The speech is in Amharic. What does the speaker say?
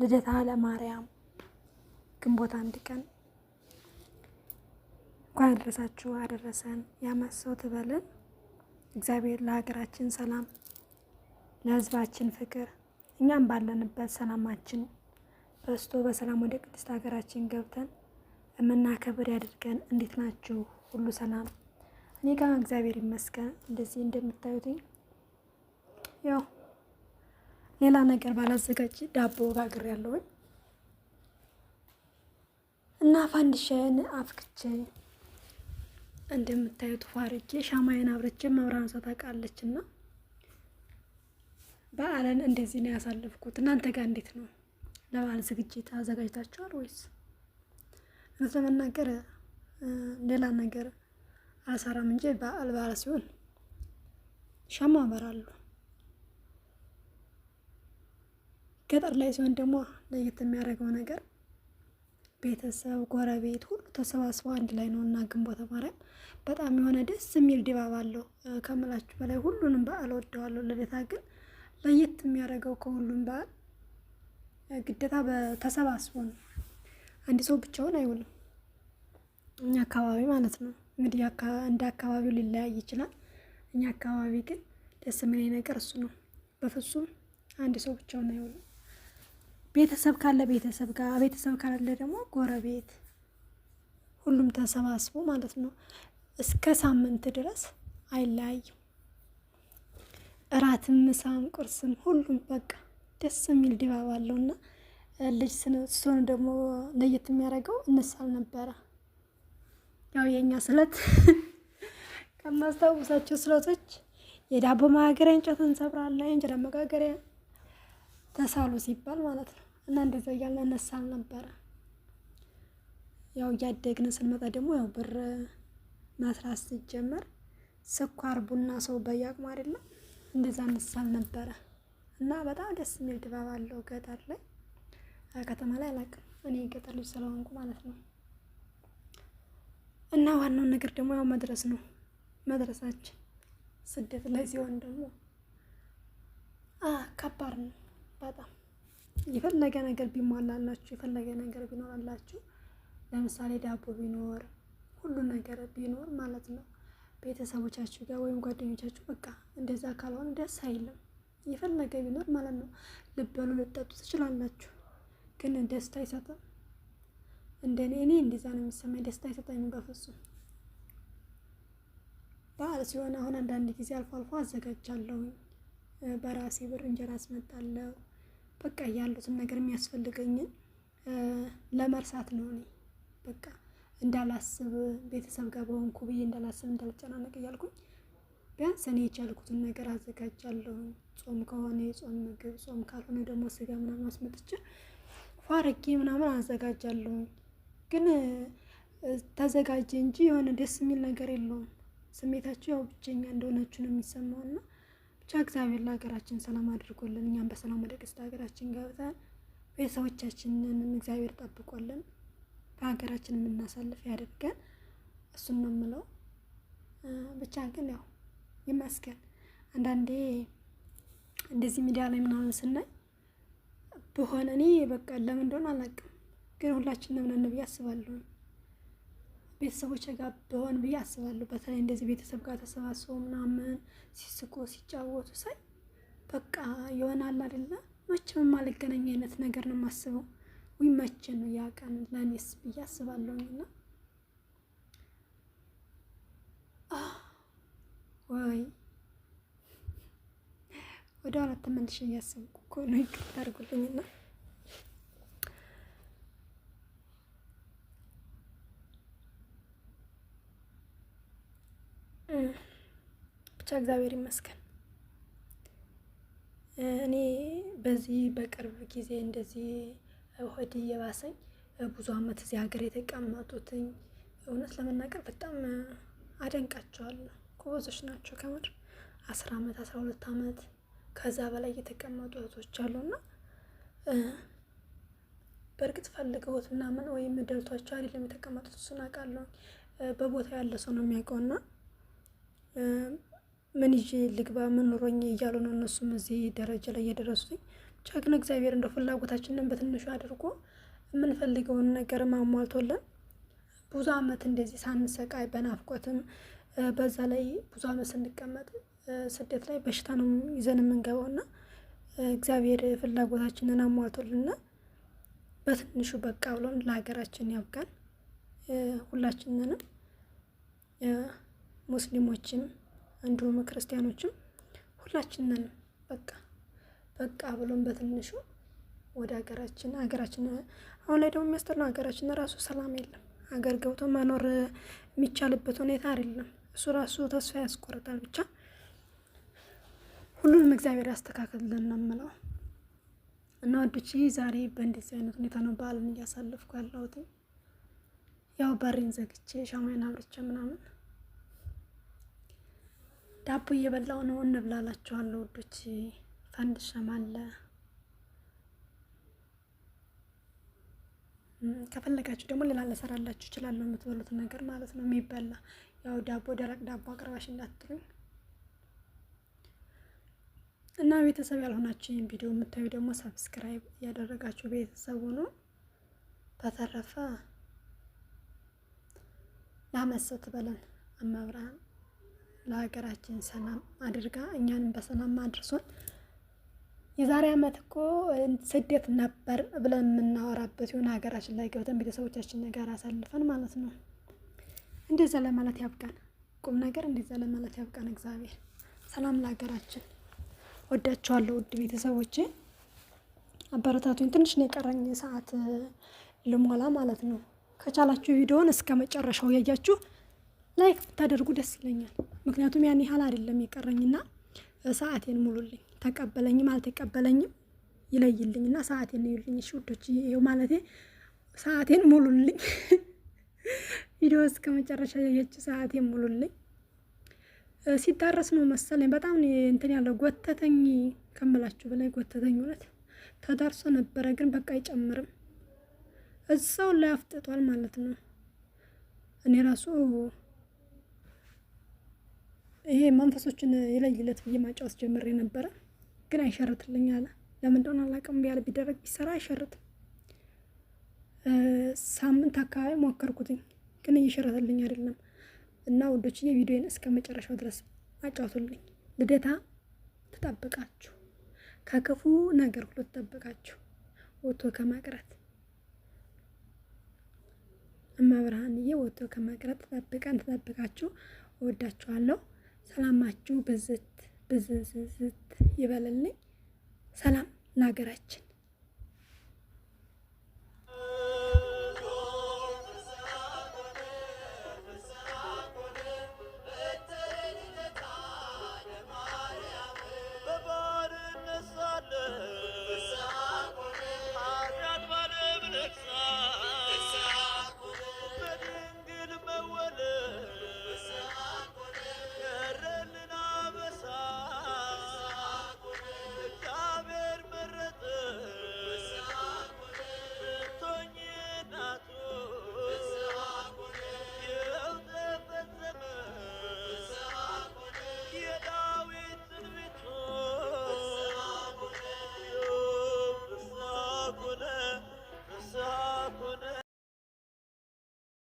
ልደታ ለማርያም ግንቦት አንድ ቀን እንኳን አደረሳችሁ አደረሰን። ያመሰው ትበልን። እግዚአብሔር ለሀገራችን ሰላም፣ ለህዝባችን ፍቅር፣ እኛም ባለንበት ሰላማችን በስቶ በሰላም ወደ ቅድስት ሀገራችን ገብተን የምናከብር ያድርገን። እንዴት ናችሁ? ሁሉ ሰላም? እኔ ጋር እግዚአብሔር ይመስገን። እንደዚህ እንደምታዩትኝ ያው ሌላ ነገር ባላዘጋጅ ዳቦ ጋግር ያለውኝ እና ፋንዲሻዬን አፍክቼ እንደምታዩት ፏርቼ ሻማዬን አብረቼ መብራን ሰታቃለች እና በዓልን እንደዚህ ነው ያሳለፍኩት። እናንተ ጋር እንዴት ነው? ለበዓል ዝግጅት አዘጋጅታችኋል ወይስ? እውነት ለመናገር ሌላ ነገር አልሰራም እንጂ በዓል በዓል ሲሆን ሻማ አበራለሁ። ገጠር ላይ ሲሆን ደግሞ ለየት የሚያደርገው ነገር ቤተሰብ፣ ጎረቤት ሁሉ ተሰባስበ አንድ ላይ ነው እና ግንቦተ ማርያም በጣም የሆነ ደስ የሚል ድባብ አለው ከምላችሁ በላይ። ሁሉንም በዓል ወደዋለሁ። ልደታ ግን ለየት የሚያደርገው ከሁሉም በዓል ግዴታ ተሰባስቦ ነው። አንድ ሰው ብቻውን አይውልም። እኛ አካባቢ ማለት ነው እንግዲህ እንደ አካባቢው ሊለያይ ይችላል። እኛ አካባቢ ግን ደስ የሚለኝ ነገር እሱ ነው። በፍጹም አንድ ሰው ብቻውን አይውልም። ቤተሰብ ካለ ቤተሰብ ጋር ቤተሰብ ካለ ደግሞ ጎረቤት፣ ሁሉም ተሰባስቦ ማለት ነው። እስከ ሳምንት ድረስ አይለያይም። እራትም፣ ምሳም፣ ቁርስም ሁሉም በቃ ደስ የሚል ድባብ አለውና ልጅ ስሆን ደግሞ ለየት የሚያደርገው እንሳል ነበረ። ያው የእኛ ስለት ከማስታውሳቸው ስለቶች የዳቦ መጋገሪያ እንጨት እንሰብራለን፣ የእንጀራ መጋገሪያ ተሳሉ ሲባል ማለት ነው። እና እንደዛ እያለ እነሳል ነበረ። ያው እያደግን ስንመጣ ደግሞ ያው ብር መስራት ሲጀመር ስኳር፣ ቡና ሰው በያቅሙ አይደለም እንደዛ ነሳል ነበረ እና በጣም ደስ የሚል ድባብ አለው ገጠር ላይ ከተማ ላይ አላውቅም። እኔ ገጠር ልጅ ስለሆንኩ ማለት ነው። እና ዋናውን ነገር ደግሞ ያው መድረስ ነው። መድረሳችን ስደት ላይ ሲሆን ደግሞ ከባድ ነው በጣም የፈለገ ነገር ቢሟላላችሁ የፈለገ ነገር ቢኖራላችሁ ለምሳሌ ዳቦ ቢኖር ሁሉ ነገር ቢኖር ማለት ነው ቤተሰቦቻችሁ ጋር ወይም ጓደኞቻችሁ በቃ እንደዛ ካልሆነ ደስ አይልም። የፈለገ ቢኖር ማለት ነው ልበሉ ልጠጡ ትችላላችሁ፣ ግን ደስታ አይሰጥም። እንደ እኔ እንደዛ ነው የሚሰማኝ። ደስታ አይሰጠኝም በፍጹም። በዓል ሲሆን አሁን አንዳንድ ጊዜ አልፎ አልፎ አዘጋጃለሁ በራሴ ብር እንጀራ አስመጣለሁ። በቃ ያሉትን ነገር የሚያስፈልገኝን ለመርሳት ነው። እኔ በቃ እንዳላስብ ቤተሰብ ጋር በሆንኩ ብዬ እንዳላስብ እንዳልጨናነቅ እያልኩኝ ቢያንስ እኔ የቻልኩትን ነገር አዘጋጃለሁ። ጾም ከሆነ የጾም ምግብ፣ ጾም ካልሆነ ደግሞ ስጋ ምናምን አስመጥቼ ፏርጌ ምናምን አዘጋጃለሁ። ግን ተዘጋጀ እንጂ የሆነ ደስ የሚል ነገር የለውም። ስሜታችሁ ያው ብቸኛ እንደሆናችሁ ነው የሚሰማውና ብቻ እግዚአብሔር ለሀገራችን ሰላም አድርጎልን እኛም በሰላም ወደ ገስት ሀገራችን ገብተን ቤተሰቦቻችንን እግዚአብሔር ጠብቆልን በሀገራችን የምናሳልፍ ያደርገን። እሱን ነው የምለው። ብቻ ግን ያው ይመስገን። አንዳንዴ እንደዚህ ሚዲያ ላይ ምናምን ስናይ በሆነ እኔ በቃ ለምን እንደሆነ አላውቅም፣ ግን ሁላችን ነን ብዬ አስባለሁ። ቤተሰቦች ጋር ብሆን ብዬ አስባለሁ። በተለይ እንደዚህ ቤተሰብ ጋር ተሰባስቦ ምናምን ሲስቁ ሲጫወቱ ሳይ በቃ ይሆናል አይደለ? መቼም የማልገናኝ አይነት ነገር ነው የማስበው። ወይ መቼ ነው ያ ቀን ለእኔስ ብዬ አስባለሁ እና ወይ ወደ አራት ተመልሼ እያሰብኩ እኮ ነው። ይቅርታ አድርጉልኝና ብቻ እግዚአብሔር ይመስገን። እኔ በዚህ በቅርብ ጊዜ እንደዚህ ሆድ እየባሰኝ ብዙ አመት እዚህ ሀገር የተቀመጡትኝ እውነት ለመናገር በጣም አደንቃቸዋለሁ። ጎበዞች ናቸው ከምር አስራ አመት አስራ ሁለት አመት ከዛ በላይ የተቀመጡ እህቶች አሉና በእርግጥ ፈልገውት ምናምን ወይም ደልቷቸው አይደለም የተቀመጡት። እሱን አውቃለሁ። በቦታ ያለ ሰው ነው የሚያውቀውና ምን ይዤ ልግባ ምን ኑሮኝ እያሉ ነው እነሱም እዚህ ደረጃ ላይ የደረሱትኝ። ብቻ ግን እግዚአብሔር እንደ ፍላጎታችንን በትንሹ አድርጎ የምንፈልገውን ነገር አሟልቶለን ብዙ አመት እንደዚህ ሳንሰቃይ በናፍቆትም በዛ ላይ ብዙ ዓመት ስንቀመጥ ስደት ላይ በሽታ ነው ይዘን የምንገባው እና እግዚአብሔር ፍላጎታችንን አሟልቶልና በትንሹ በቃ ብሎን ለሀገራችን ያብቃን ሁላችንንም ሙስሊሞችም እንዲሁም ክርስቲያኖችም ሁላችንን በቃ በቃ ብሎን በትንሹ ወደ ሀገራችን ሀገራችን አሁን ላይ ደግሞ የሚያስጠላው ሀገራችን ራሱ ሰላም የለም። ሀገር ገብቶ መኖር የሚቻልበት ሁኔታ አይደለም። እሱ ራሱ ተስፋ ያስቆርጣል። ብቻ ሁሉንም እግዚአብሔር ያስተካክልልን ነው የምለው እና ወዶች ዛሬ በእንደዚህ አይነት ሁኔታ ነው በዓልን እያሳለፍኩ ያለሁት። ያው በሬን ዘግቼ ሻማዬን አብርቼ ምናምን ዳቦ እየበላው ነው እንብላላችኋለሁ ውዶች። ፈንድሻም አለ ከፈለጋችሁ ደግሞ ሌላ ለሰራላችሁ እችላለሁ፣ የምትበሉት ነገር ማለት ነው የሚበላ ያው ዳቦ ደረቅ ዳቦ አቅርባሽ እንዳትሉኝ እና ቤተሰብ ያልሆናችሁ ይህን ቪዲዮ የምታዩ ደግሞ ሰብስክራይብ እያደረጋችሁ ቤተሰቡ ነው። በተረፈ ላመሰት በለን አማብርሃን ለሀገራችን ሰላም አድርጋ እኛንም በሰላም አድርሶን የዛሬ ዓመት እኮ ስደት ነበር ብለን የምናወራበት የሆነ ሀገራችን ላይ ገብተን ቤተሰቦቻችን ጋር አሳልፈን ማለት ነው። እንደዛ ለማለት ያብቃን። ቁም ነገር እንደዛ ለማለት ያብቃን። እግዚአብሔር ሰላም ለሀገራችን። ወዳችኋለሁ ውድ ቤተሰቦቼ፣ አበረታቱኝ። ትንሽ ነው የቀረኝ ሰዓት ልሞላ ማለት ነው። ከቻላችሁ ቪዲዮውን እስከ መጨረሻው ያያችሁ ላይክ ብታደርጉ ደስ ይለኛል። ምክንያቱም ያን ያህል አይደለም የቀረኝና ሰዓቴን ሙሉልኝ። ተቀበለኝም አልተቀበለኝም ይለይልኝና ሰዓቴን ይዩልኝ። እሺ ውዶች፣ ይሄው ማለቴ ሰዓቴን ሙሉልኝ። ቪዲዮ እስከ መጨረሻ ያየች ሰዓቴን ሙሉልኝ። ሲታረስ ነው መሰለኝ በጣም እንትን ያለው ጎተተኝ ከምላችሁ በላይ ጎተተኝ። እውነት ተዳርሶ ነበረ ግን በቃ አይጨምርም። እዛው ላይ አፍጥጧል ማለት ነው እኔ ራሱ ይሄ መንፈሶችን የለይለት ብዬ ማጫወት ጀምሬ ነበረ፣ ግን አይሸርትልኝ አለ። ለምን እንደሆነ አላውቅም። ቢደረግ ቢሰራ አይሸርትም። ሳምንት አካባቢ ሞከርኩትኝ፣ ግን እየሸረተልኝ አይደለም። እና ወንዶችዬ ቪዲዮን እስከ መጨረሻው ድረስ አጫውቱልኝ። ልደታ ትጠብቃችሁ፣ ከክፉ ነገር ሁሉ ትጠብቃችሁ፣ ወጥቶ ከመቅረት እማ ብርሃንዬ ወጥቶ ከመቅረት ትጠብቀን፣ ትጠብቃችሁ። እወዳችኋለሁ። ሰላማችሁ ብዝት ብዝዝዝት ይበልልኝ። ሰላም ለሀገራችን።